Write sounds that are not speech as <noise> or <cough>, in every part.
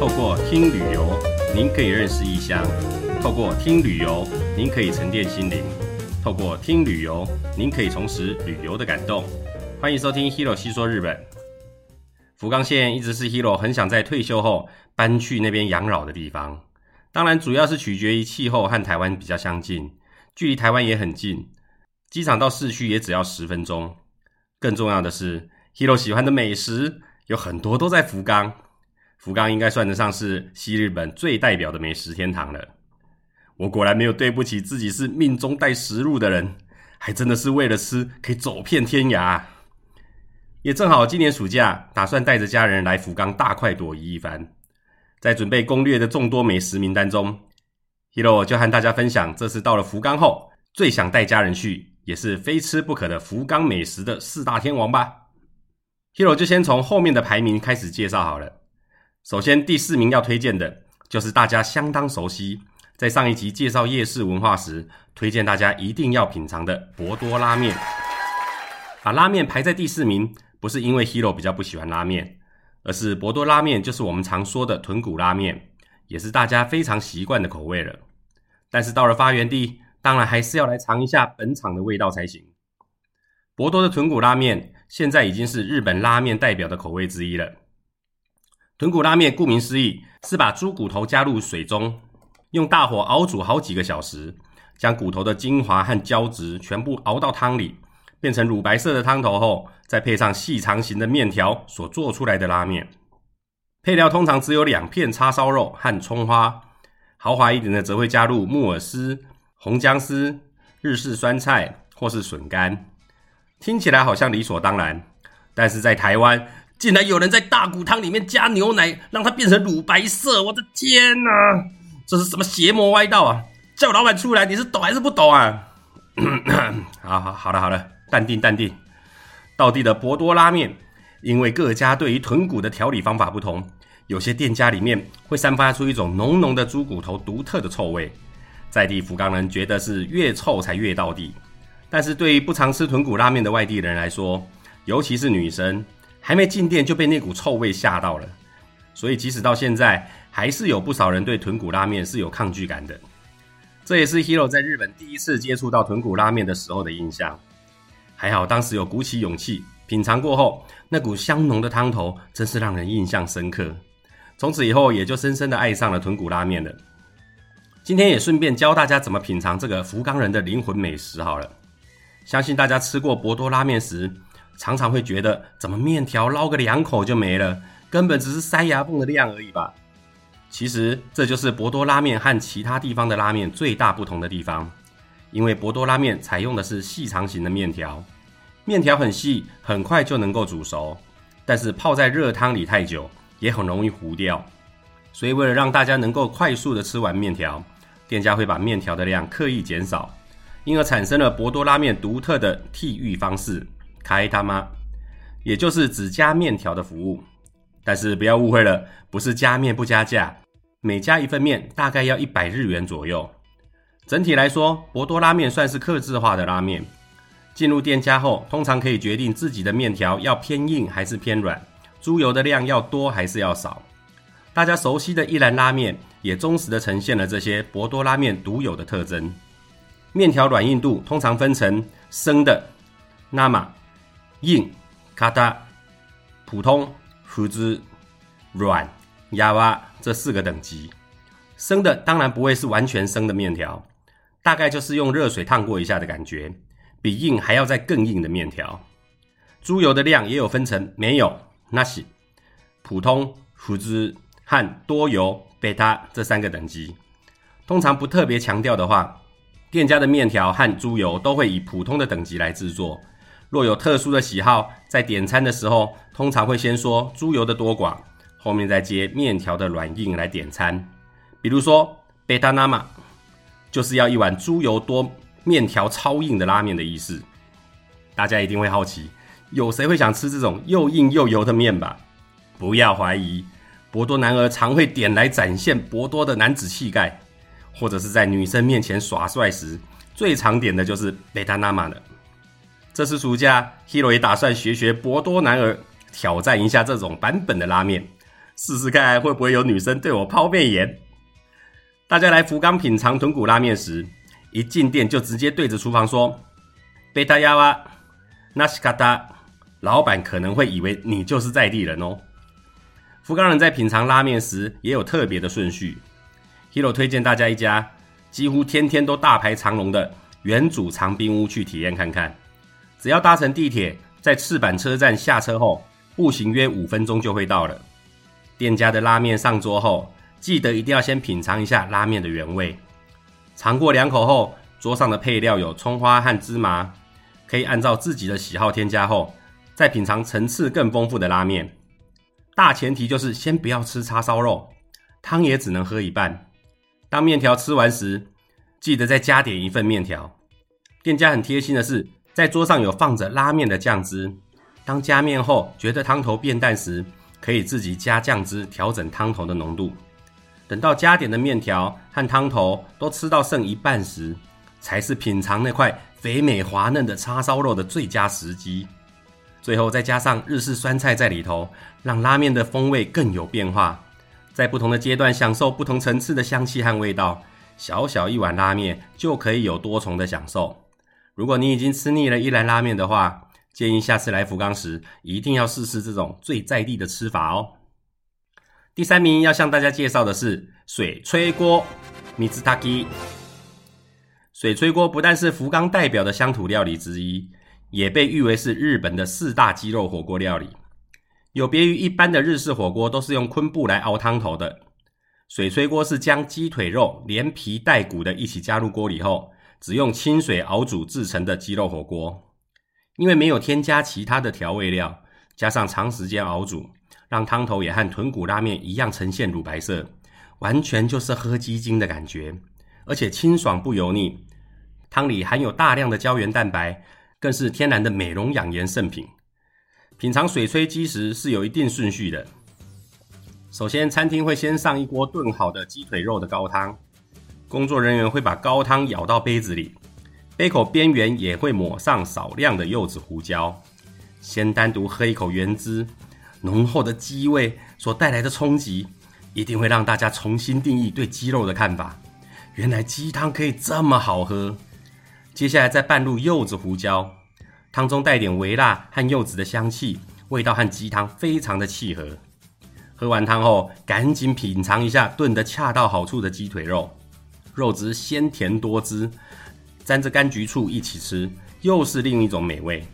透過聽旅遊，您可以認識異鄉；透過聽旅遊，您可以沉澱心靈；透過聽旅遊，您可以重拾旅遊的感動。歡迎收聽 Hiro 細說日本。福岡縣一直是 Hiro 很想在退休後搬去那邊養老的地方。當然，主要是取決於氣候和台灣比較相近，距離台灣也很近，機場到市區也只要十分鐘。更重要的是，Hiro 喜歡的美食有很多都在福岡。福岡應該算得上是西日本最代表的美食天堂了。我果然沒有對不起自己，是命中帶食祿的人，還真的是為了吃可以走遍天涯。也正好今年暑假打算帶着家人來福岡大快朵頤一,一番。在準備攻略的眾多美食名單中，Hiro 就和大家分享這次到了福岡後最想帶家人去，也是非吃不可的福岡美食的四大天王吧。Hiro 就先從後面的排名開始介紹好了。首先，第四名要推薦的就是大家相當熟悉，在上一集介紹夜市文化時，推薦大家一定要品嘗的博多拉麵。把、啊、拉面排在第四名，不是因為 Hiro 比較不喜歡拉麵，而是博多拉面就是我們常說的豚骨拉麵，也是大家非常習慣的口味了。但是到了發源地，當然還是要來嘗一下本場的味道才行。博多的豚骨拉面現在已經是日本拉面代表的口味之一了。豚骨拉麵顧名思義，是把豬骨頭加入水中，用大火熬煮好幾個小時，將骨頭的精華和膠質全部熬到湯裡，變成乳白色的湯頭後，再配上細長型的麵條所做出來的拉麵。配料通常只有兩片叉燒肉和蔥花，豪華一點的則會加入木耳絲、紅薑絲、日式酸菜或是筍乾。聽起來好像理所當然，但是在台灣。竟然有人在大骨湯裡面加牛奶，讓它變成乳白色！我的天哪、啊，這是什麼邪魔歪道啊！叫老闆出來，你是懂還是不懂啊？ <coughs> 好好好，好了好了，淡定淡定。道地的博多拉麵，因為各家對於豚骨的調理方法不同，有些店家裡面會散發出一種濃濃的豬骨頭獨特的臭味，在地福岡人覺得是越臭才越道地，但是對於不常吃豚骨拉麵的外地人來說，尤其是女生。還沒進店就被那股臭味嚇到了，所以即使到現在，還是有不少人對豚骨拉麵是有抗拒感的。這也是 Hero 在日本第一次接觸到豚骨拉麵的時候的印象。還好當時有鼓起勇氣品嚐過後，那股香濃的湯頭真是讓人印象深刻，從此以後也就深深的愛上了豚骨拉麵了。今天也順便教大家怎麼品嚐這個福岡人的靈魂美食好了。相信大家吃過博多拉麵時，常常會覺得，怎麼麵條撈個兩口就沒了，根本只是塞牙縫的量而已吧？其實這就是博多拉麵和其他地方的拉麵最大不同的地方。因為博多拉麵採用的是細長型的麵條，麵條很細，很快就能夠煮熟，但是泡在熱湯裡太久也很容易糊掉。所以為了讓大家能夠快速的吃完麵條，店家會把麵條的量刻意減少，因而產生了博多拉麵獨特的替玉方式。開他媽，也就是只加麵條的服務，但是不要誤會了，不是加麵不加價，每加一份麵大概要一百日元左右。整體來說，博多拉麵算是客製化的拉麵。進入店家後，通常可以決定自己的麵條要偏硬還是偏軟，豬油的量要多還是要少。大家熟悉的一蘭拉麵也忠實地呈現了這些博多拉麵獨有的特徵。麵條軟硬度通常分成生的、那麼。硬、卡達、普通、胡之、軟、壓瓦這四個等級。生的當然不會是完全生的麵條，大概就是用熱水燙過一下的感覺，比硬還要再更硬的麵條。豬油的量也有分成沒有、那些、普通胡之和多油貝塔這三個等級。通常不特別強調的話，店家的麵條和豬油都會以普通的等級來製作。若有特殊的喜好，在點餐的時候，通常會先說豬油的多寡，後面再接麵條的軟硬來點餐。比如說，貝達娜瑪，就是要一碗豬油多、麵條超硬的拉麵的意思。大家一定會好奇，有誰會想吃這種又硬又油的麵吧？不要懷疑，博多男兒常會點來展現博多的男子氣概，或者是在女生面前耍帥時，最常點的就是貝達娜瑪了。這次暑假，Hiro 也打算學學博多男兒，挑戰一下這種版本的拉麵，試試看會不會有女生對我拋媚眼。大家來福岡品嘗豚骨拉麵時，一進店就直接對着廚房說“貝塔亞瓦納 a 卡達”，老板可能會以為你就是在地人哦。福岡人在品嘗拉麵時也有特別的順序。Hiro 推薦大家一家幾乎天天都大排長龍的元祖長濱屋，去體驗看看。只要搭乘地鐵，在赤坂車站下車後，步行約五分鐘就會到了。店家的拉麵上桌後，記得一定要先品嘗一下拉麵的原味。嘗過兩口後，桌上的配料有蔥花和芝麻，可以按照自己的喜好添加後，再品嘗層次更豐富的拉麵。大前提就是先不要吃叉燒肉，湯也只能喝一半。當麵條吃完時，記得再加點一份麵條。店家很貼心的是。在桌上有放着拉麵的醬汁，當加麵後覺得湯頭變淡時，可以自己加醬汁調整湯頭的濃度。等到加點的麵條和湯頭都吃到剩一半時，才是品嘗那塊肥美滑嫩的叉燒肉的最佳時機。最後再加上日式酸菜在裡頭，讓拉麵的風味更有變化。在不同的階段享受不同層次的香氣和味道，小小一碗拉麵就可以有多重的享受。如果你已經吃膩了一蘭拉麵的話，建議下次來福岡時一定要試試這種最在地的吃法哦。第三名要向大家介紹的是水炊鍋，米斯塔基。水炊鍋不但是福岡代表的鄉土料理之一，也被譽為是日本的四大雞肉火鍋料理。有別於一般的日式火鍋都是用昆布來熬湯頭的，水炊鍋是將雞腿肉連皮帶骨的一起加入鍋裡後，只用清水熬煮製成的雞肉火鍋，因為沒有添加其他的調味料，加上長時間熬煮，讓湯頭也和豚骨拉麵一樣呈現乳白色，完全就是喝雞精的感覺，而且清爽不油膩。湯裡含有大量的膠原蛋白，更是天然的美容養顏聖品，品。品嘗水炊雞時是有一定順序的，首先餐廳會先上一鍋燉好的雞腿肉的高湯。工作人員會把高湯舀到杯子裡，杯口邊緣也會抹上少量的柚子胡椒。先單獨喝一口原汁，濃厚的雞味所帶來的衝擊，一定會讓大家重新定義對雞肉的看法。原來雞湯可以這麼好喝！接下來再拌入柚子胡椒，湯中帶點微辣和柚子的香氣，味道和雞湯非常的契合。喝完湯後，趕緊品嘗一下燉得恰到好處的雞腿肉。肉質鮮甜多汁，沾着柑橘醋一起吃，又是另一種美味。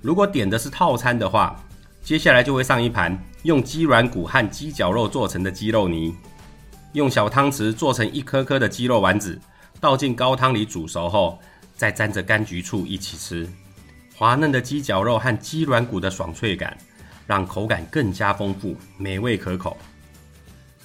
如果點的是套餐的話，接下來就會上一盤用雞軟骨和雞腳肉做成的雞肉泥，用小湯匙做成一顆顆的雞肉丸子，倒進高湯裡煮熟後，再沾着柑橘醋一起吃。滑嫩的雞腳肉和雞軟骨的爽脆感，讓口感更加豐富，美味可口。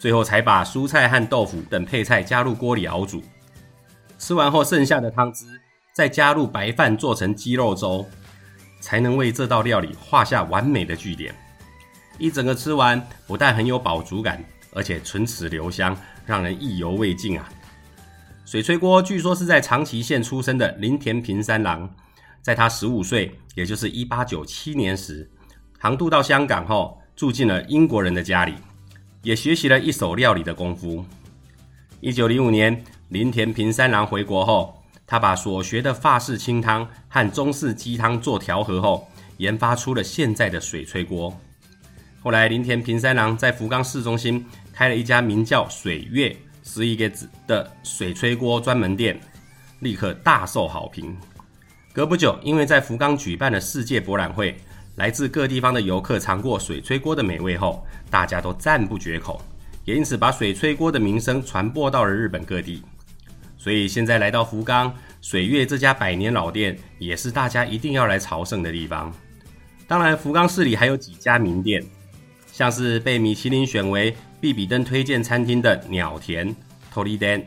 最後才把蔬菜和豆腐等配菜加入鍋裡熬煮，吃完後剩下的湯汁再加入白飯做成雞肉粥，才能為這道料理畫下完美的句點。一整個吃完，不但很有飽足感，而且唇齒留香，讓人意猶未盡啊！水炊鍋據說是在長崎縣出生的林田平三郎，在他十五歲，也就是一八九七年時，航渡到香港後，住進了英國人的家裡。也學習了一手料理的功夫。一九零五年，林田平三郎回國後，他把所學的法式清湯和中式雞湯做調和後，研發出了現在的水炊鍋。後來，林田平三郎在福岡市中心開了一家名叫“水月十一個字”的水炊鍋專門店，立刻大受好評。隔不久，因為在福岡舉辦了世界博覽會。來自各地方的遊客嘗過水炊鍋的美味後，大家都讚不絕口，也因此把水炊鍋的名聲傳播到了日本各地。所以現在來到福岡水月這家百年老店，也是大家一定要來朝聖的地方。當然，福岡市裡還有幾家名店，像是被米其林選為必比登推薦餐廳的鳥田 （Tori Den），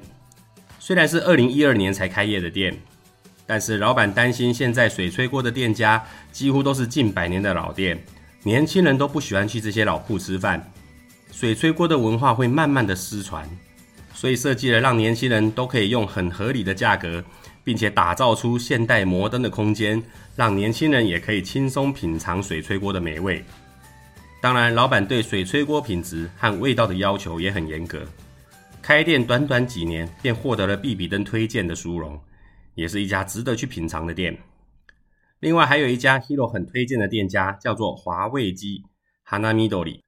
雖然是二零一二年才開業的店。但是老板擔心，現在水炊鍋的店家幾乎都是近百年的老店，年輕人都不喜歡去這些老鋪吃飯，水炊鍋的文化會慢慢的失傳，所以設計了讓年輕人都可以用很合理的價格，並且打造出現代摩登的空間，讓年輕人也可以輕鬆品嘗水炊鍋的美味。當然，老板對水炊鍋品質和味道的要求也很嚴格，開店短短幾年便獲得了必比登推薦的殊榮。也是一家值得去品嘗的店。另外，還有一家 Hero 很推薦的店家，叫做華味雞 （Hanamidori）。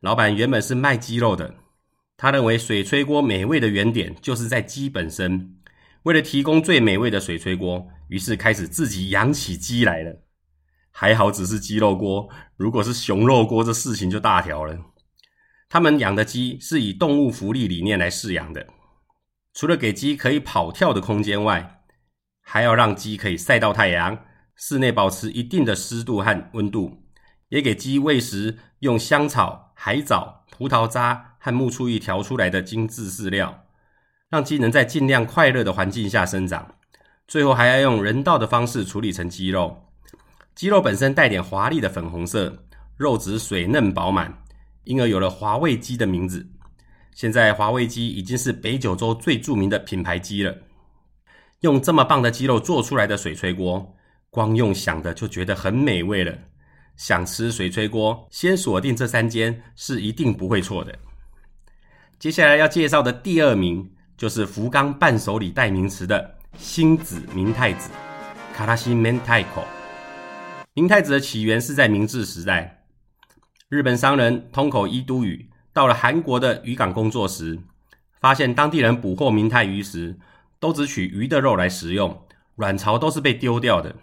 老闆原本是賣雞肉的，他認為水炊鍋美味的原點就是在雞本身。為了提供最美味的水炊鍋，於是開始自己養起雞來了。還好只是雞肉鍋，如果是熊肉鍋，這事情就大條了。他們養的雞是以動物福利理念來飼養的，除了給雞可以跑跳的空間外，還要讓雞可以曬到太陽，室內保持一定的濕度和溫度，也給雞餵食用香草、海藻、葡萄渣和木醋液調出來的精緻飼料，讓雞能在盡量快樂的環境下生長。最後還要用人道的方式處理成雞肉。雞肉本身帶點華麗的粉紅色，肉質水嫩飽滿，因而有了華味雞的名字。現在華味雞已經是北九州最著名的品牌雞了。用這麼棒的雞肉做出來的水炊鍋，光用想的就覺得很美味了。想吃水炊鍋，先鎖定這三間是一定不會錯的。接下來要介紹的第二名就是福岡伴手禮代名詞的辛子明太子（卡拉西明太子）。明太子的起源是在明治時代，日本商人樋口伊都羽到了韓國的漁港工作時，發現當地人捕獲明太魚時。都只取魚的肉來食用，卵巢都是被丟掉的。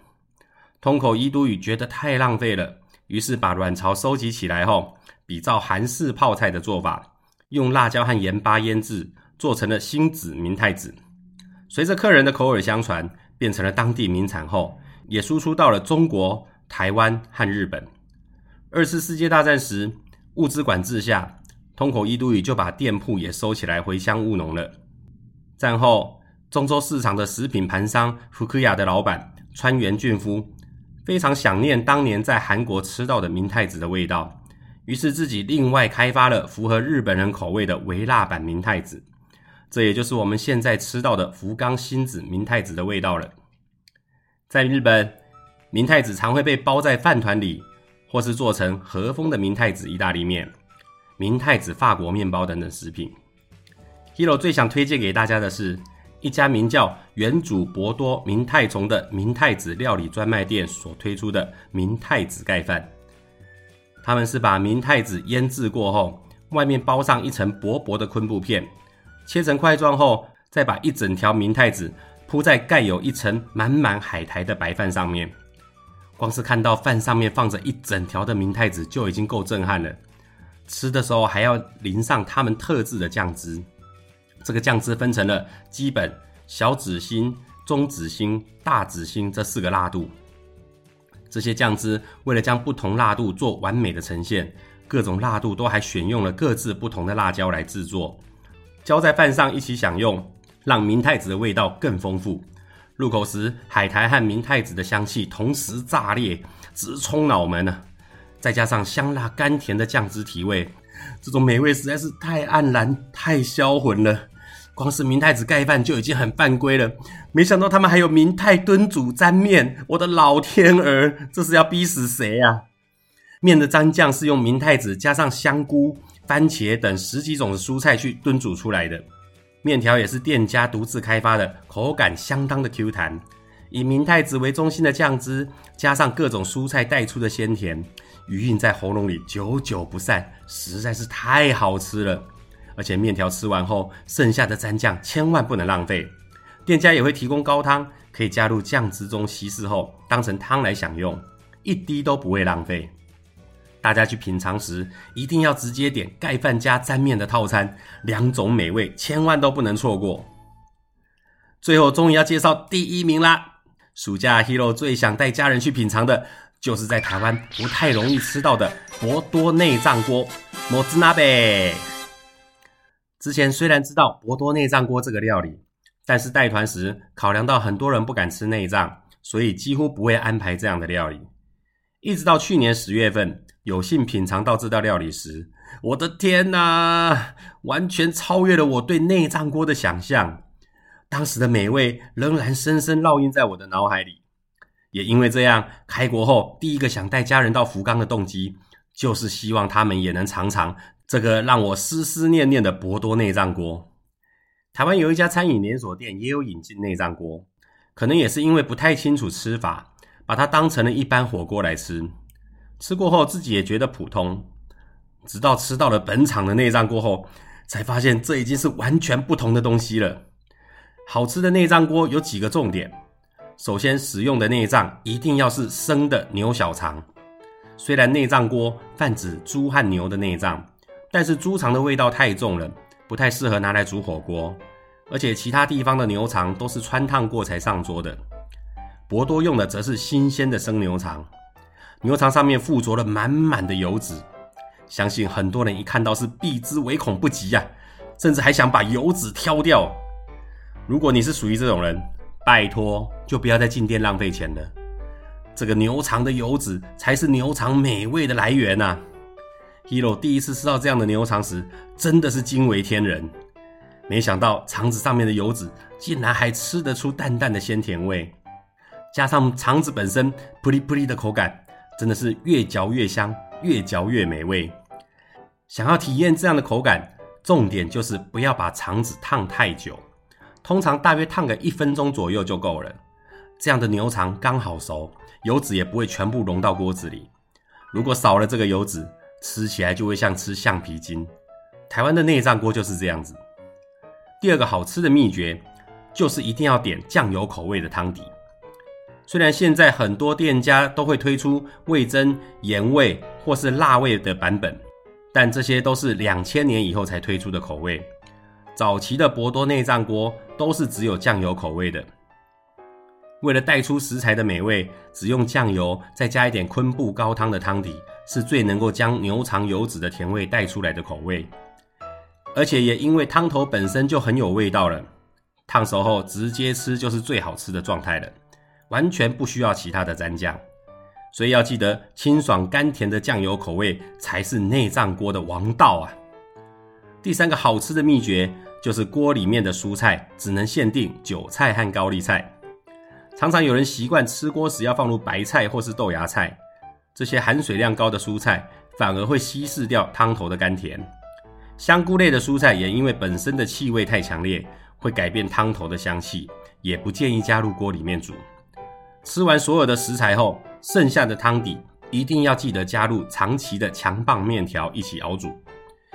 通口伊都魚覺得太浪費了，於是把卵巢收集起來後，比照韓式泡菜的做法，用辣椒和鹽巴醃制，做成了辛子明太子。隨着客人的口耳相傳，變成了當地名產後，也輸出到了中國、台灣和日本。二次世界大戰時，物資管制下，通口伊都魚就把店鋪也收起來，回鄉務農了。戰後。中州市場的食品盤商福克雅的老闆川原俊夫非常想念當年在韓國吃到的明太子的味道，於是自己另外開發了符合日本人口味的微辣版明太子，這也就是我們現在吃到的福岡辛子明太子的味道了。在日本，明太子常會被包在飯糰裡，或是做成和風的明太子意大利麵、明太子法國麵包等等食品。Hero 最想推薦給大家的是，一家名叫“元祖博多明太重”的明太子料理專賣店所推出的明太子蓋飯，他們是把明太子醃製過後，外面包上一層薄薄的昆布片，切成塊狀後，再把一整條明太子鋪在蓋有一層滿滿海苔的白飯上面。光是看到飯上面放着一整條的明太子就已經夠震撼了，吃的時候還要淋上他們特製的醬汁。這個醬汁分成了基本、小指心、中指心、大指心這四個辣度。這些醬汁為了將不同辣度做完美的呈現，各種辣度都還選用了各自不同的辣椒來制作，澆在飯上一起享用，讓明太子的味道更豐富。入口時，海苔和明太子的香氣同時炸裂，直衝腦門啊！再加上香辣甘甜的醬汁提味，這種美味實在是太黯然、太銷魂了。光是明太子蓋飯就已經很犯規了，沒想到他們還有明太燉煮沾麵，我的老天兒，這是要逼死誰啊？麵的沾醬是用明太子加上香菇、番茄等十幾種蔬菜去燉煮出來的，麵條也是店家獨自開發的，口感相當的 Q 彈。以明太子為中心的醬汁，加上各種蔬菜帶出的鮮甜，餘韻在喉嚨裡久久不散，實在是太好吃了。而且面條吃完後，剩下的蘸醬千萬不能浪費。店家也會提供高湯，可以加入醬汁中稀釋後當成湯來享用，一滴都不會浪費。大家去品嘗時，一定要直接點蓋飯加蘸面的套餐，兩種美味千萬都不能錯過。最後，終於要介紹第一名啦！暑假 Hiro 最想帶家人去品嘗的，就是在台灣不太容易吃到的博多內臟鍋——もつなべ。之前雖然知道博多內臟鍋這個料理，但是帶團時考量到很多人不敢吃內臟，所以幾乎不會安排這樣的料理。一直到去年十月份，有幸品嘗到這道料理時，我的天哪，完全超越了我對內臟鍋的想象。當時的美味仍然深深烙印在我的腦海裡，也因為這樣，開國後第一個想帶家人到福岡的動機，就是希望他們也能嘗嘗。這個讓我思思念念的博多內臟鍋，台灣有一家餐飲連鎖店也有引進內臟鍋，可能也是因為不太清楚吃法，把它當成了一般火鍋來吃。吃過後自己也覺得普通，直到吃到了本場的內臟鍋後，才發現這已經是完全不同的東西了。好吃的內臟鍋有幾個重點：首先，使用的內臟一定要是生的牛小腸。雖然內臟鍋泛指豬和牛的內臟。但是豬腸的味道太重了，不太適合拿來煮火鍋，而且其他地方的牛腸都是汆燙過才上桌的。博多用的則是新鮮的生牛腸，牛腸上面附着了滿滿的油脂，相信很多人一看到是避之唯恐不及呀、啊，甚至還想把油脂挑掉。如果你是屬於這種人，拜託就不要再進店浪費錢了。這個牛腸的油脂才是牛腸美味的來源吶、啊。Hero 第一次吃到這樣的牛腸時，真的是驚為天人。沒想到腸子上面的油脂竟然還吃得出淡淡的鮮甜味，加上腸子本身撲里撲里的口感，真的是越嚼越香，越嚼越美味。想要體驗這樣的口感，重點就是不要把腸子燙太久，通常大約燙個一分鐘左右就夠了。這樣的牛腸剛好熟，油脂也不會全部融到鍋子裡。如果少了這個油脂，吃起來就會像吃橡皮筋，台灣的內臟鍋就是這樣子。第二個好吃的秘訣就是一定要點醬油口味的湯底。雖然現在很多店家都會推出味噌、鹽味或是辣味的版本，但這些都是兩千年以後才推出的口味。早期的博多內臟鍋都是只有醬油口味的。為了帶出食材的美味，只用醬油再加一點昆布高湯的湯底。是最能夠將牛腸油脂的甜味帶出來的口味，而且也因為湯頭本身就很有味道了，燙熟後直接吃就是最好吃的狀態了，完全不需要其他的蘸醬。所以要記得，清爽甘甜的醬油口味才是內臟鍋的王道啊！第三個好吃的秘訣就是鍋裡面的蔬菜只能限定韭菜和高麗菜，常常有人習慣吃鍋時要放入白菜或是豆芽菜。這些含水量高的蔬菜反而會稀釋掉湯頭的甘甜。香菇類的蔬菜也因為本身的氣味太強烈，會改變湯頭的香氣，也不建議加入鍋裡面煮。吃完所有的食材後，剩下的湯底一定要記得加入長崎的強棒麵條一起熬煮。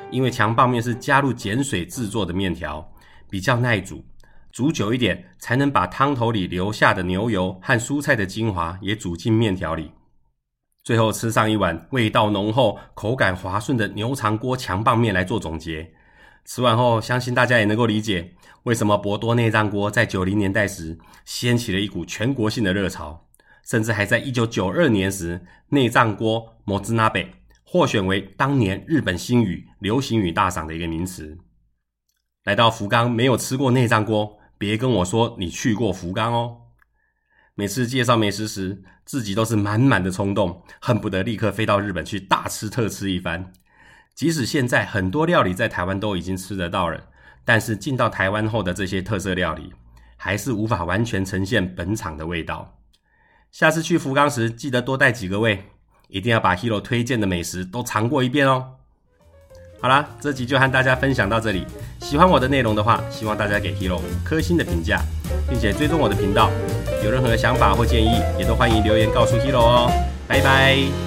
因為強棒麵是加入鹼水製作的麵條，比較耐煮，煮久一點才能把湯頭裡留下的牛油和蔬菜的精華也煮進麵條裡。最後吃上一碗味道濃厚、口感滑順的牛腸鍋強棒麵來做總結。吃完後，相信大家也能夠理解為什麼博多內臟鍋在九零年代時掀起了一股全國性的熱潮，甚至還在一九九二年時，內臟鍋もつなべ獲選為當年日本新語流行語大賞的一個名詞。來到福岡沒有吃過內臟鍋，別跟我說你去過福岡哦。每次介紹美食時，自己都是滿滿的衝動，恨不得立刻飛到日本去大吃特吃一番。即使現在很多料理在台灣都已經吃得到了，但是進到台灣後的這些特色料理，還是無法完全呈現本場的味道。下次去福岡時，記得多帶幾個胃，一定要把 Hero 推薦的美食都嘗過一遍哦。好啦，這集就和大家分享到這裡。喜歡我的內容的話，希望大家給 Hiro 五顆星的評價，並且追蹤我的頻道。有任何想法或建議，也都歡迎留言告訴 Hiro 哦！拜拜。